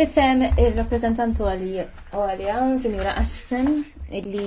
Fissem il-rappresentantu għalja, Sinjura Ashton, illi